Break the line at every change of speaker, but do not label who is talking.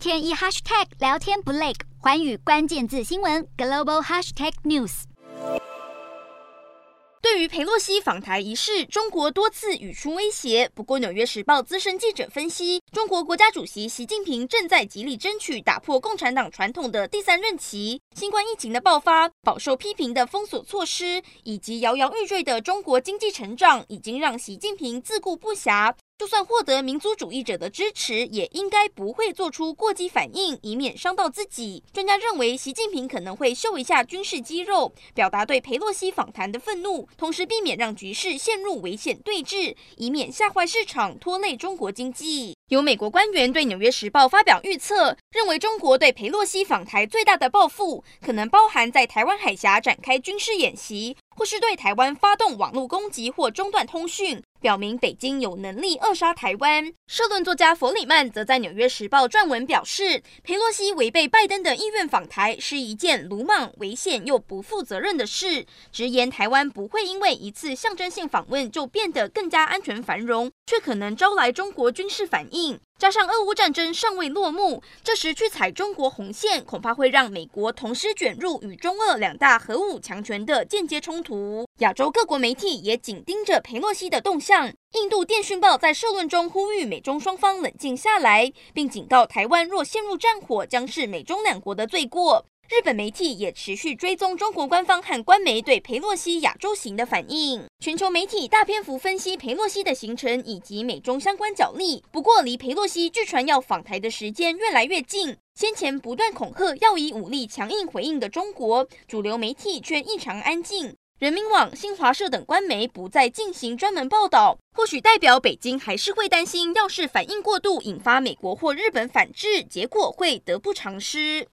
天一 hashtag 聊天不累，寰宇關鍵字新聞 global hashtag news。對於佩洛西訪台一事，中國多次語出威脅。不過，《紐約時報》資深記者分析，中國國家主席習近平正在極力爭取打破共產黨傳統的第三任期。新冠疫情的爆發、飽受批評的封鎖措施，以及搖搖欲墜的中國經濟成長，已經讓習近平自顧不暇。就算獲得民族主義者的支持，也應該不會做出過激反應，以免傷到自己。專家認為，習近平可能會秀一下軍事肌肉，表達對裴洛西訪台的憤怒，同時避免讓局勢陷入危險對峙，以免嚇壞市場，拖累中國經濟。有美國官員對《紐約時報》發表預測，認為中國對裴洛西訪台最大的報復，可能包含在台灣海峽展開軍事演習。或是對台灣發動網絡攻擊或中斷通訊，表明北京有能力扼殺台灣。社論作家佛里曼則在《紐約時報》撰文表示，裴洛西違背拜登的意願訪台是一件魯莽、危險又不負責任的事，直言台灣不會因為一次象徵性訪問就變得更加安全繁榮，卻可能招來中國軍事反應。加上俄烏戰爭尚未落幕，這時去踩中國紅線，恐怕會讓美國同時捲入與中俄兩大核武強權的間接衝突。亞洲各國媒體也緊盯着裴洛西的動向。印度電訊報在社論中呼籲美中雙方冷靜下來，並警告台灣若陷入戰火，將是美中兩國的罪過。日本媒體也持續追蹤中國官方和官媒對裴洛西亞洲行的反應，全球媒體大篇幅分析裴洛西的行程以及美中相關角力。不過，離裴洛西據傳要訪台的時間越來越近，先前不斷恐嚇要以武力強硬回應的中國主流媒體卻異常安靜，人民網、新華社等官媒不再進行專門報道，或許代表北京還是會擔心，要是反應過度引發美國或日本反制，結果會得不償失。